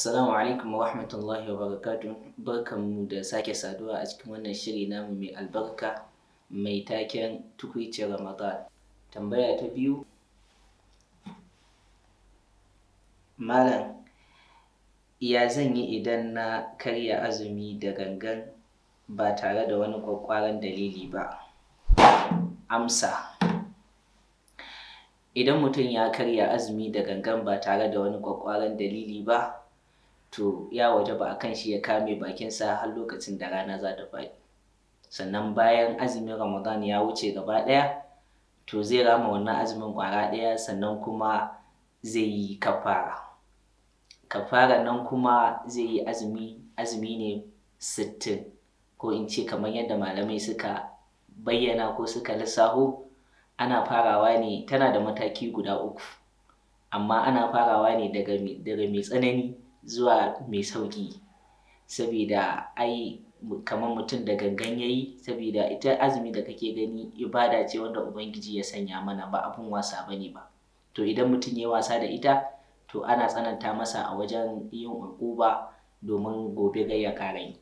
Assalamu alaikum wa rahmatullahi wa barakatun barkanmu da sake saduwa a cikin wannan shiri namu mai albarka mai taken tukwice Ramadan. Tambaya ta biyu Malam ya zan yi idan na karya azumi da gangan ba tare da wani kwakwaran dalili ba? Amsa Idan mutum ya karya azumi da gangan ba tare da wani kwakwaran dalili ba, to ya waje ba kan shi ya kame bakinsa har lokacin da rana za ta faɗi sannan bayan azumin ramadan ya wuce gaba ɗaya to zai rama wannan azumin ƙwara ɗaya sannan kuma zai yi kafara kafara nan kuma zai yi azumi azumi ne sittin ko in ce kamar yadda malamai suka bayyana ko suka lissaho ana farawa ne tana da mataki guda uku amma ana farawa ne daga mai tsanani zuwa mai sauƙi saboda ai kamar mutum da gangan yayi saboda ita azumi da kake gani ibada ce wanda ubangiji ya sanya mana ba abun wasa bane ba to idan mutum ya wasa da ita to ana tsananta masa a wajen yin uquba domin gobe ga ya ƙara yi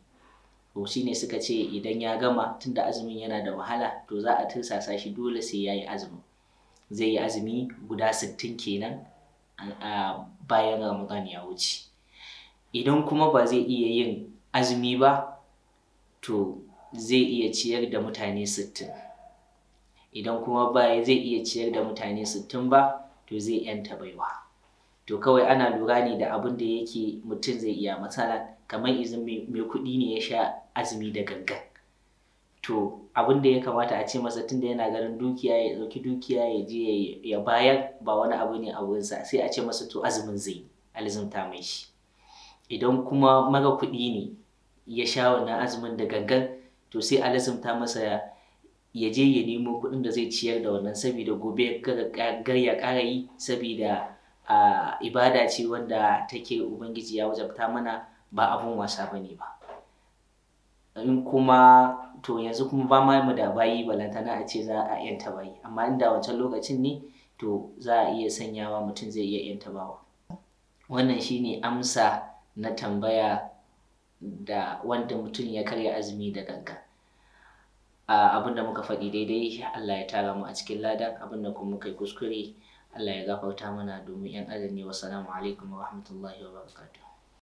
to shine suka ce idan ya gama tunda azumin yana da wahala to za a tursasa shi dole sai ya yi azumi zai yi azumi guda sittin kenan bayan ramadan ya wuce idan kuma ba zai iya yin azumi ba to zai iya ciyar da mutane sittin idan kuma ba zai iya ciyar da mutane sittin ba to zai yanta baiwa to kawai ana lura ne da abin da yake mutum zai iya matsala kamar izin mai kuɗi ne ya sha azumi da gangan to abin da ya kamata a ce masa tunda yana ganin dukiya ya ɗauki dukiya ya je ya bayar ba wani abu ne a wurinsa sai a ce masa to azumin zai alzumta mai shi idan kuma mara kuɗi ne ya sha wannan azumin da gangan to sai a lazumta masa ya je ya nemo kuɗin da zai ciyar da wannan saboda gobe gar ya ƙara yi saboda ibada ce wanda take ubangiji ya wajabta mana ba abun wasa ba ne ba in kuma to yanzu kuma ba ma mu da bayi balantana a ce za a yanta bayi amma inda wancan lokacin ne to za a iya sanyawa mutum zai iya yanta bawa wannan shine amsa na tambaya da wanda mutum ya karya azumi da ganga. abin da muka faɗi daidai Allah ya tara mu a cikin lada. abin da kuma yi kuskure Allah ya gafarta mana domin 'yan adam ne wasu alaikum wa rahmatullahi wa barakatuh